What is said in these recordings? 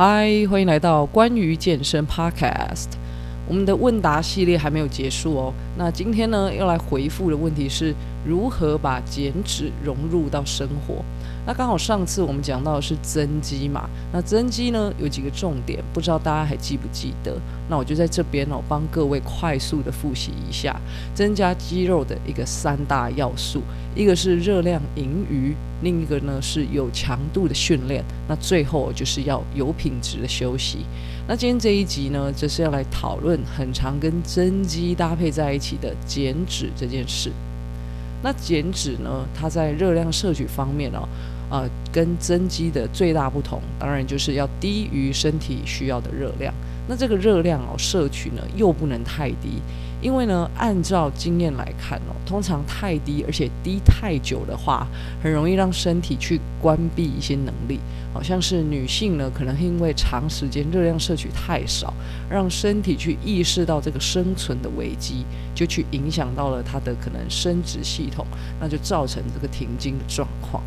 嗨，Hi, 歡迎來到關於健身 Podcast。我們的問答系列還沒有結束哦。那今天呢，要來回復的問題是。如何把減脂融入到生活？那剛好上次我們講到的是增肌嘛，那增肌呢，有幾個重點，不知道大家還記不記得？那我就在這邊呢幫各位快速的複習一下增加肌肉的一個三大要素，一個是熱量盈餘，另一個呢是有強度的訓練，那最後就是要有品質的休息。那今天這一集呢，就是要來討論很常跟增肌搭配在一起的減脂這件事。那減脂呢，它在熱量攝取方面哦，呃，跟增肌的最大不同，當然就是要低於身體需要的熱量。那這個熱量哦，攝取呢，又不能太低。因為呢，按照經驗來看哦，通常太低而且低太久的話，很容易讓身體去關閉一些能力，好像是女性呢，可能因為長時間熱量攝取太少，讓身體去意識到這個生存的危機，就去影響到了她的可能生殖系統，那就造成這個停經的狀況。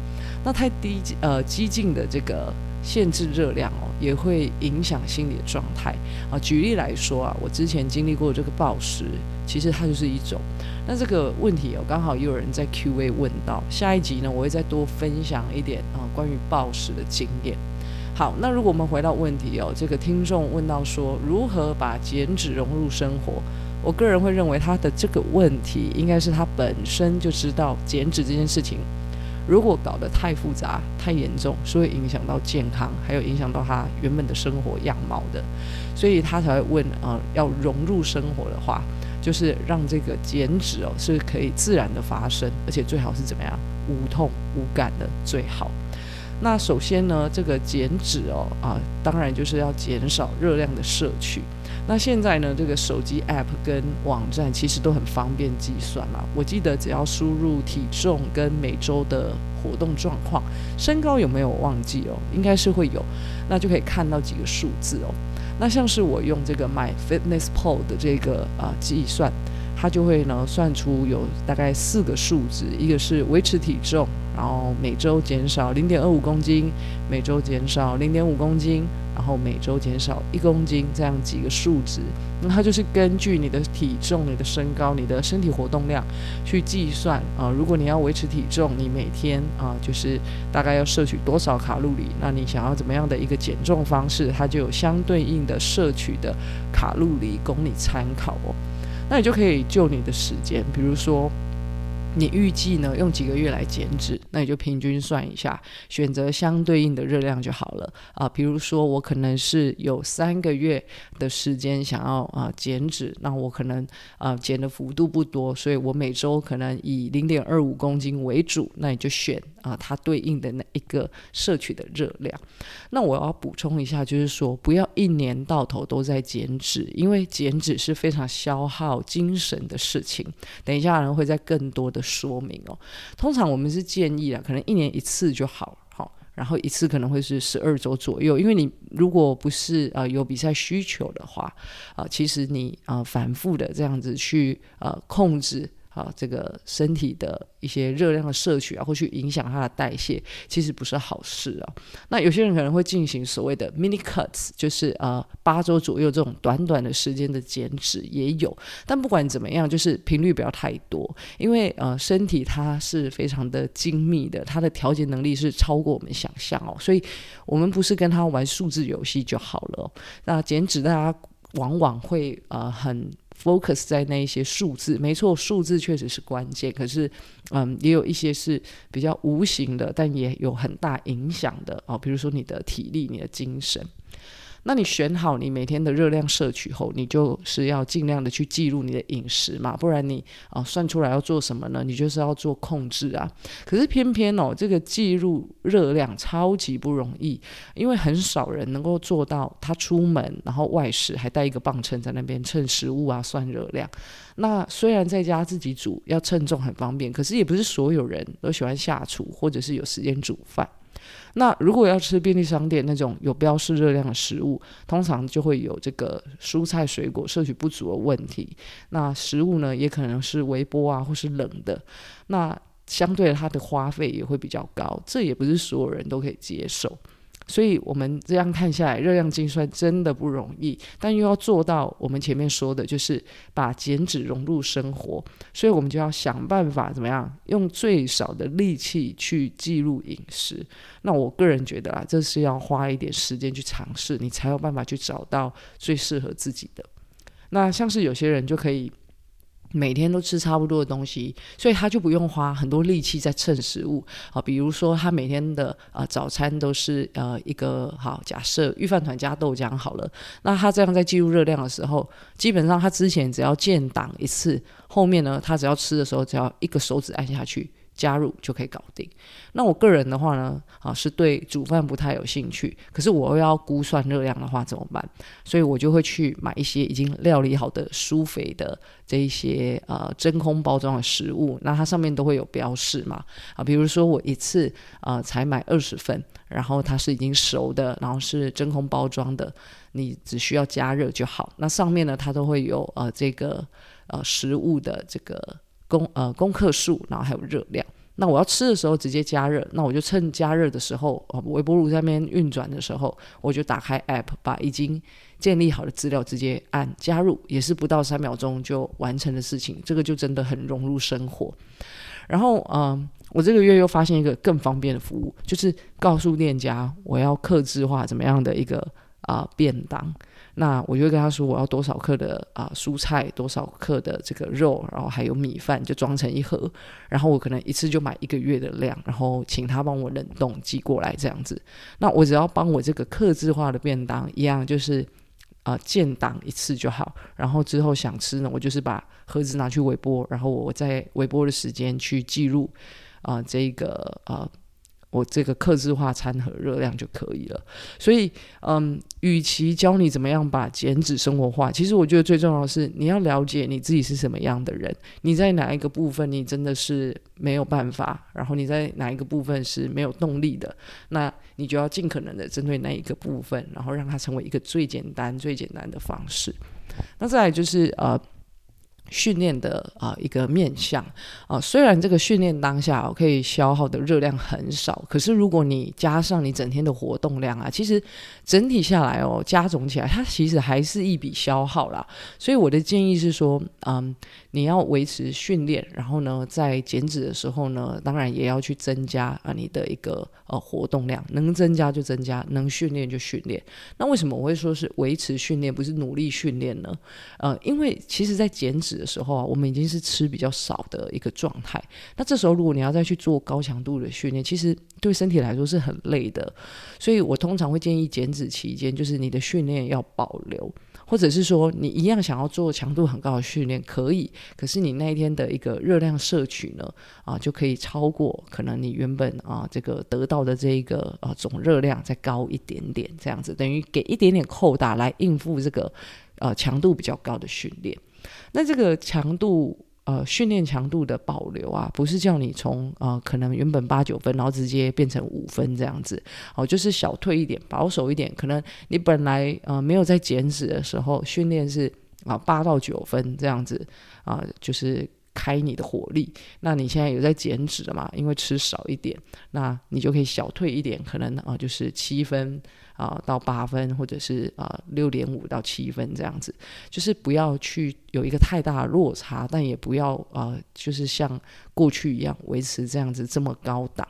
那太低呃激進的這個。限制熱量哦，也會影響心理的狀態啊。舉例來說啊，我之前經歷過這個暴食，其實它就是一種。那這個問題哦，剛好也有人在 Q&A 問到，下一集呢，我會再多分享一點啊關於暴食的經驗。好，那如果我們回到問題哦，這個聽眾問到說，如何把減脂融入生活？我個人會認為他的這個問題，應該是他本身就知道減脂這件事情。如果搞得太複雜、太嚴重，所以會影響到健康，還有影響到他原本的生活樣貌的，所以他才會問啊、呃，要融入生活的話，就是讓這個減脂哦、喔、是可以自然的發生，而且最好是怎麼樣，無痛無感的最好。那首先呢，這個減脂哦啊，當然就是要減少熱量的攝取。那現在呢？這個手機 App 跟網站其實都很方便計算啦。我記得只要輸入體重跟每周的活動狀況，身高有沒有忘記哦？應該是會有，那就可以看到幾個數字哦。那像是我用這個 My Fitness Pal 的這個啊計、呃、算，它就會呢算出有大概四個數字，一個是維持體重，然後每周減少零點二五公斤，每周減少零點五公斤。然後每週減少一公斤，這樣幾個數值，那它就是根據你的體重、你的身高、你的身體活動量去計算啊。如果你要維持體重，你每天啊就是大概要攝取多少卡路里？那你想要怎麼樣的一個減重方式？它就有相對應的攝取的卡路里供你參考哦。那你就可以就你的時間，比如說你預計呢用幾個月來減脂。那你就平均算一下，選擇相對應的熱量就好了啊。比如說，我可能是有三個月的時間想要啊減脂，那我可能啊減的幅度不多，所以我每周可能以零點二五公斤為主。那你就選啊它對應的那一個攝取的熱量。那我要補充一下，就是說不要一年到頭都在減脂，因為減脂是非常消耗精神的事情。等一下，呢會再更多的說明哦。通常我們是建議。可能一年一次就好，好，然後一次可能會是十二周左右，因為你如果不是呃有比賽需求的話，啊、呃，其實你啊、呃、反覆的這樣子去呃控制。啊，這個身體的一些熱量的攝取啊，會去影響它的代謝，其實不是好事哦、啊。那有些人可能會進行所謂的 mini cuts，就是呃八周左右這種短短的時間的減脂也有。但不管怎麼樣，就是頻率不要太多，因為呃身體它是非常的精密的，它的調節能力是超過我們想象哦。所以我們不是跟它玩數字遊戲就好了、哦。那減脂大家往往會呃很。focus 在那一些數字，沒錯，數字確實是關鍵。可是，嗯，也有一些是比較無形的，但也有很大影響的哦。比如說你的體力，你的精神。那你選好你每天的熱量攝取後，你就是要儘量的去記錄你的飲食嘛，不然你啊、哦、算出來要做什麼呢？你就是要做控制啊。可是偏偏哦，這個記錄熱量超級不容易，因為很少人能夠做到。他出門然後外食還帶一個磅秤在那邊稱食物啊、算熱量。那雖然在家自己煮要稱重很方便，可是也不是所有人都喜歡下廚或者是有時間煮飯。那如果要吃便利商店那種有標示熱量的食物，通常就會有這個蔬菜水果攝取不足的問題。那食物呢，也可能是微波啊，或是冷的。那相對它的花費也會比較高，這也不是所有人都可以接受。所以，我們這樣看下來，熱量精算真的不容易，但又要做到我們前面說的，就是把減脂融入生活。所以我們就要想辦法，怎麼樣用最少的力氣去記錄飲食。那我個人覺得啊，這是要花一點時間去嘗試，你才有辦法去找到最適合自己的。那像是有些人就可以。每天都吃差不多的東西，所以他就不用花很多力氣在秤食物啊。比如說，他每天的啊、呃、早餐都是呃一個好假設，御飯糰加豆漿好了。那他這樣在記錄熱量的時候，基本上他之前只要建檔一次，後面呢，他只要吃的時候，只要一個手指按下去，加入就可以搞定。那我個人的話呢，啊，是對煮飯不太有興趣。可是我要估算熱量的話怎麼辦？所以我就會去買一些已經料理好的、舒肥的這一些啊、呃、真空包裝的食物。那它上面都會有標示嘛，啊，比如說我一次啊、呃、才買二十份，然後它是已經熟的，然後是真空包裝的，你只需要加熱就好。那上面呢，它都會有呃這個呃食物的這個。功呃，功課數，然後還有熱量。那我要吃的時候，直接加熱。那我就趁加熱的時候，呃，微波爐在那邊運轉的時候，我就打開 app，把已經建立好的資料直接按加入，也是不到三秒鐘就完成的事情。這個就真的很融入生活。然後，嗯、呃，我這個月又發現一個更方便的服務，就是告訴店家我要客製化怎麼樣的一個啊、呃、便當。那我就會跟他說，我要多少克的啊、呃、蔬菜，多少克的這個肉，然後還有米飯就裝成一盒，然後我可能一次就買一個月的量，然後請他幫我冷凍寄過來這樣子。那我只要幫我這個客製化的便當一樣，就是啊、呃、建檔一次就好，然後之後想吃呢，我就是把盒子拿去微波，然後我在微波的時間去記錄啊、呃、這個啊。呃我這個客製化餐和熱量就可以了，所以，嗯，與其教你怎麼樣把減脂生活化，其實我覺得最重要的是你要了解你自己是什麼樣的人，你在哪一個部分你真的是沒有辦法，然後你在哪一個部分是沒有動力的，那你就要盡可能的針對那一個部分，然後讓它成為一個最簡單、最簡單的方式。那再來就是呃。訓練的啊、呃、一個面向啊、呃，雖然這個訓練當下、哦、可以消耗的熱量很少，可是如果你加上你整天的活動量啊，其實整體下來哦，加總起來，它其實還是一筆消耗啦。所以我的建議是說，嗯，你要維持訓練，然後呢，在減脂的時候呢，當然也要去增加啊你的一個呃活動量，能增加就增加，能訓練就訓練。那為什麼我會說是維持訓練，不是努力訓練呢？呃，因為其實，在減脂。的時候啊，我們已經是吃比較少的一個狀態。那這時候，如果你要再去做高強度的訓練，其實對身體來說是很累的。所以我通常會建議減脂期間，就是你的訓練要保留，或者是說你一樣想要做強度很高的訓練可以，可是你那一天的一個熱量攝取呢，啊，就可以超過可能你原本啊這個得到的這一個啊總熱量再高一點點，這樣子等於給一點點扣打來應付這個呃、啊、強度比較高的訓練。那這個強度，呃，訓練強度的保留啊，不是叫你從啊、呃，可能原本八九分，然後直接變成五分這樣子，哦、呃，就是小退一點，保守一點。可能你本來呃沒有在減脂的時候，訓練是啊、呃、八到九分這樣子，啊、呃，就是。開你的火力，那你現在有在減脂的嘛，因為吃少一點，那你就可以小退一點，可能啊、呃、就是七分啊、呃、到八分，或者是啊六點五到七分這樣子，就是不要去有一個太大的落差，但也不要啊、呃、就是像過去一樣維持這樣子這麼高檔。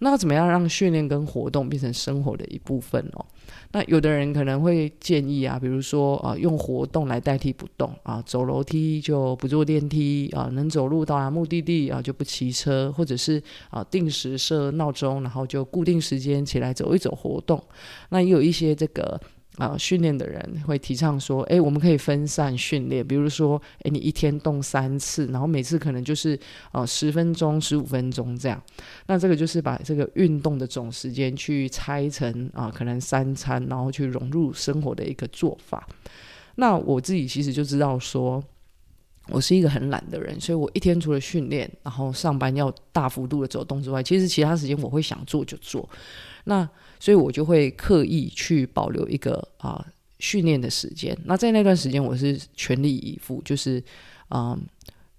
那怎麼樣讓訓練跟活動變成生活的一部分哦？那有的人可能會建議啊，比如說啊、呃，用活動來代替不動啊、呃，走樓梯就不坐電梯啊、呃，能走路到達目的地啊、呃、就不騎車，或者是啊、呃、定時設鬧鐘，然後就固定時間起來走一走活動。那也有一些這個。啊、呃，訓練的人會提倡說，誒，我們可以分散訓練，比如說，誒，你一天動三次，然後每次可能就是，哦、呃，十分鐘、十五分鐘這樣。那這個就是把這個運動的總時間去拆成啊、呃，可能三餐，然後去融入生活的一個做法。那我自己其實就知道說。我是一個很懶的人，所以我一天除了訓練，然後上班要大幅度的走動之外，其實其他時間我會想做就做。那所以，我就會刻意去保留一個啊、呃、訓練的時間。那在那段時間，我是全力以赴，就是嗯。呃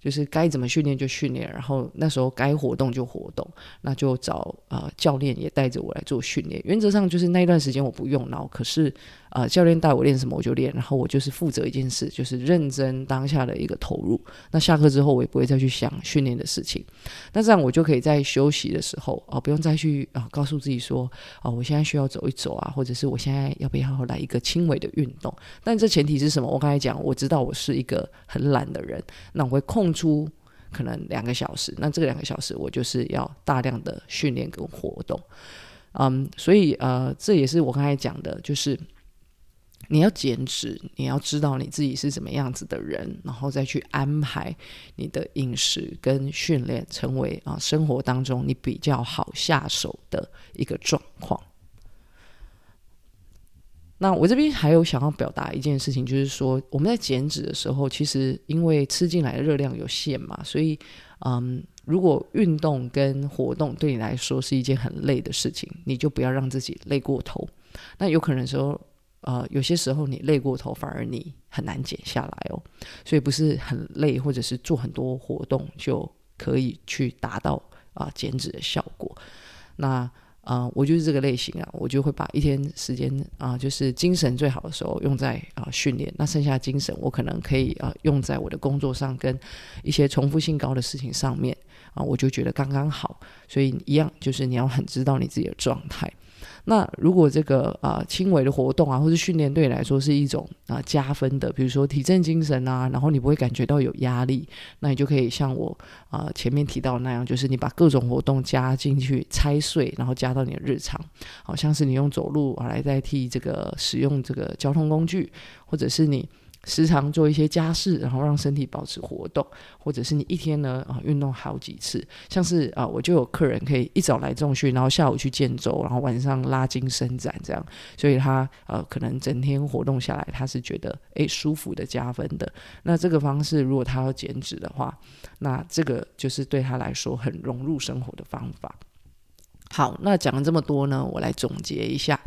就是該怎麼訓練就訓練，然後那時候該活動就活動，那就找啊、呃、教練也帶着我來做訓練。原則上就是那一段時間我不用腦，可是啊、呃、教練帶我練什麼我就練，然後我就是負責一件事，就是認真當下的一個投入。那下課之後我也不會再去想訓練的事情，那這樣我就可以在休息的時候啊、呃、不用再去啊、呃、告訴自己說啊、呃、我現在需要走一走啊，或者是我現在要不要來一個輕微的運動？但這前提是什麼？我剛才講，我知道我是一個很懶的人，那我會控。出可能兩個小時，那這兩個小時我就是要大量的訓練跟活動，嗯，所以呃這也是我剛才講的，就是你要減脂，你要知道你自己是什麼樣子的人，然後再去安排你的飲食跟訓練，成為啊、呃、生活當中你比較好下手的一個狀況。那我這邊還有想要表達一件事情，就是說我們在減脂的時候，其實因為吃進來的熱量有限嘛，所以，嗯，如果運動跟活動對你來說是一件很累的事情，你就不要讓自己累過頭。那有可能說，呃，有些時候你累過頭，反而你很難減下來哦。所以不是很累，或者是做很多活動就可以去達到啊減脂的效果。那。啊、呃，我就是這個類型啊，我就會把一天時間啊、呃，就是精神最好的時候用在啊、呃、訓練，那剩下精神我可能可以啊、呃、用在我的工作上，跟一些重複性高的事情上面啊、呃，我就覺得剛剛好，所以一樣就是你要很知道你自己的狀態。那如果這個啊、呃、輕微的活動啊，或是訓練對你來說是一種啊、呃、加分的，比如說提振精神啊，然後你不會感覺到有壓力，那你就可以像我啊、呃、前面提到那樣，就是你把各種活動加進去，拆碎，然後加到你的日常，好、哦、像是你用走路、啊、來代替這個使用這個交通工具，或者是你。時常做一些家事，然後讓身體保持活動，或者是你一天呢啊、呃、運動好幾次，像是啊、呃、我就有客人可以一早來重訓，然後下午去健走，然後晚上拉筋伸展這樣，所以他呃可能整天活動下來，他是覺得誒、欸、舒服的加分的。那這個方式如果他要減脂的話，那這個就是對他來說很融入生活的方法。好，那講了這麼多呢，我來總結一下，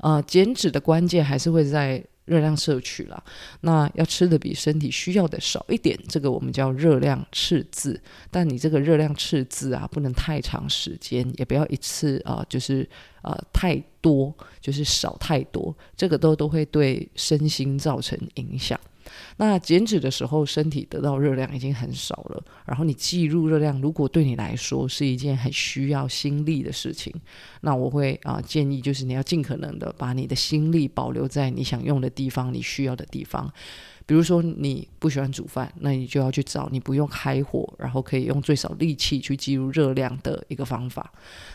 呃，減脂的關鍵還是會在。熱量攝取啦，那要吃的比身體需要的少一點，這個我們叫熱量赤字。但你這個熱量赤字啊，不能太長時間，也不要一次啊、呃，就是啊、呃、太多，就是少太多，這個都都會對身心造成影響。那減脂的時候，身體得到熱量已經很少了。然後你計入熱量，如果對你來說是一件很需要心力的事情，那我會啊建議，就是你要盡可能的把你的心力保留在你想用的地方，你需要的地方。比如說你不喜歡煮飯，那你就要去找你不用開火，然後可以用最少力氣去計入熱量的一個方法。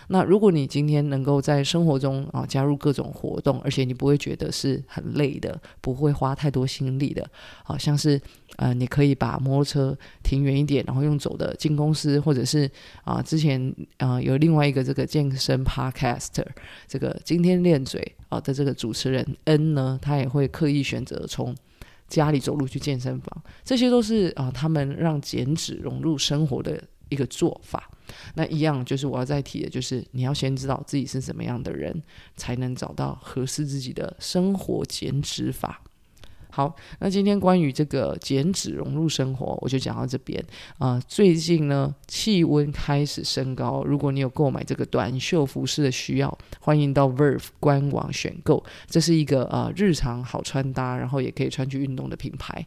那如果你今天能夠在生活中啊加入各種活動，而且你不會覺得是很累的，不會花太多心力的，好、啊、像是呃，你可以把摩托車停遠一點，然後用走的進公司，或者是啊之前啊有另外一個這個健身 podcaster 這個今天練嘴啊的這個主持人 N 呢，他也會刻意選擇從。家裡走路去健身房，這些都是啊、呃，他們讓減脂融入生活的一個做法。那一樣就是我要再提的，就是你要先知道自己是什麼樣的人，才能找到合適自己的生活減脂法。好，那今天關於這個減脂融入生活，我就講到這邊啊、呃。最近呢，氣溫開始升高，如果你有購買這個短袖服飾的需要，歡迎到 VERVE 官網選購，這是一個呃日常好穿搭，然後也可以穿去運動的品牌。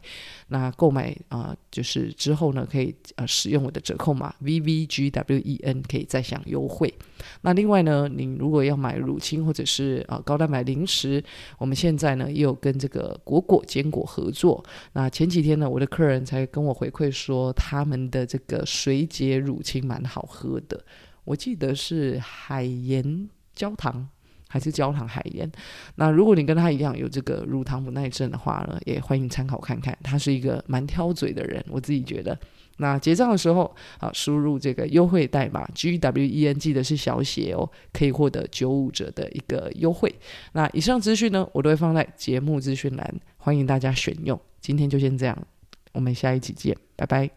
那購買啊、呃，就是之後呢，可以呃使用我的折扣碼 VVGWEN，可以再享優惠。那另外呢，你如果要買乳清或者是啊、呃、高蛋白零食，我們現在呢也有跟這個果果。堅果合作，那前幾天呢，我的客人才跟我回饋說，他們的這個水解乳清蠻好喝的。我記得是海鹽焦糖還是焦糖海鹽？那如果你跟他一樣有這個乳糖不耐症的話呢，也歡迎參考看看。他是一個蠻挑嘴的人，我自己覺得。那結賬的時候，好輸入這個優惠代碼 G W E N G 的是小寫哦，可以獲得九五折的一個優惠。那以上資訊呢，我都會放在節目資訊欄，歡迎大家選用。今天就先這樣，我們下一集見，拜拜。